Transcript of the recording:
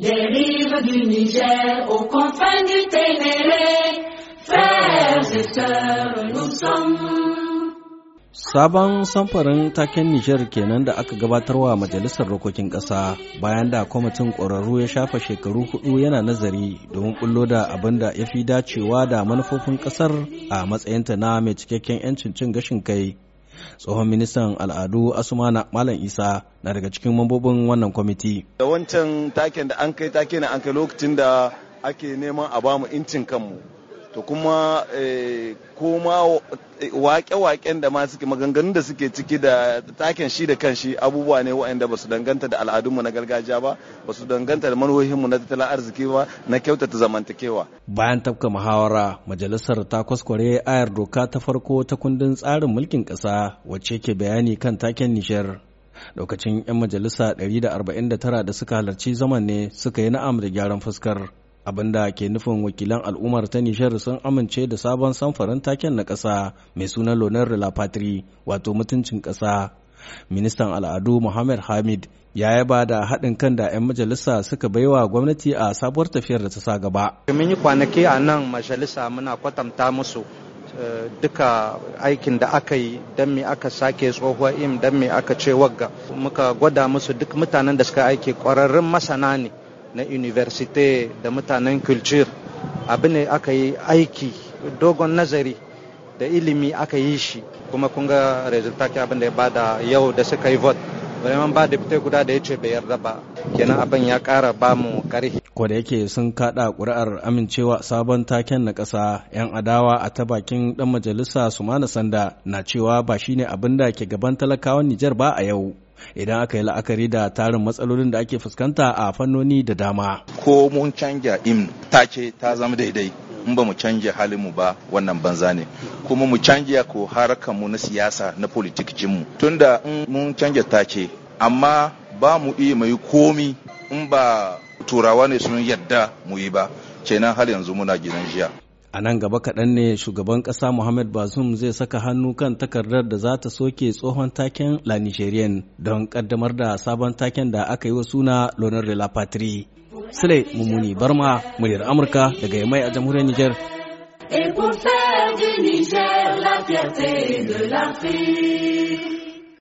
Les rives du Niger aux confins du Ténéré, frères et sœurs, nous sommes. Sabon samfarin taken Nijar kenan da aka gabatarwa Majalisar Rokokin Ƙasa bayan da kwamitin ƙwararru ya shafa shekaru hudu yana nazari domin bullo da abin da ya fi dacewa da manufofin ƙasar a matsayinta na mai cikakken 'yancin cin gashin kai tsohon ministan al'adu asumana malam isa na daga cikin mambobin wannan kwamiti da wancan takin da an kai na an kai lokacin da ake neman a bamu incin kanmu to kuma eh, koma eh, waƙe-waƙen da ma suke maganganun da suke ciki da taken shi da kan shi abubuwa ne waɗanda ba su danganta da al'adunmu na gargajiya ba ba su danganta da manuhohinmu na tattalin arziki ba na kyautata zamantakewa. bayan tafka muhawara majalisar ta kwaskware ayar doka ta farko ta kundin tsarin mulkin ƙasa wacce ke bayani kan taken nishar lokacin 'yan majalisa 149 da suka halarci zaman ne suka yi na'am da gyaran fuskar abinda ke nufin wakilan al'ummar ta nishar sun amince da sabon samfarin taken na ƙasa mai suna lonar la patrie wato mutuncin ƙasa ministan al'adu muhammad hamid ya yaba da haɗin kan da 'yan majalisa suka baiwa gwamnati a sabuwar tafiyar da ta sa gaba mun yi kwanaki a nan majalisa muna kwatanta musu eh, duka aikin da aka yi don me aka sake tsohuwa im don me aka ce wagga muka gwada musu duk mutanen da suka aiki kwararrun masana ne na university da mutanen culture abu ne aka yi aiki dogon nazari da ilimi aka yi shi kuma kun ga resultat abin da ya bada yau da suka yi vote vraiment ba fita guda da ya ce bai yarda ba kenan abin ya kara ba mu karhi ko da yake sun kada kuri'ar amincewa sabon taken na ƙasa yan adawa a ta bakin dan majalisa sumana sanda na cewa ba shine abin da ke gaban talakawan Nijar ba a yau idan aka yi la'akari da tarin matsalolin da ake fuskanta a fannoni da dama. Ko mun canja im ce ta zama daidai in ba mu halin mu ba wannan banza ne kuma mu canja ko mu na siyasa na mu, tunda in mun canja ce, amma ba mu iya mai komi in ba turawa ne sun yadda mu yi ba kenan har yanzu muna gidan jiya. a nan gaba kaɗan ne shugaban ƙasa Muhammad Bazoum zai saka hannu kan takardar da za ta soke tsohon taken La Nigerian don ƙaddamar da sabon taken da aka yi wa suna Lonar de la Patrie. Sule Mummuni Barma, muryar Amurka daga Yamai a jamhuriyar Nijar. Et du Niger la fierté de l'Afrique.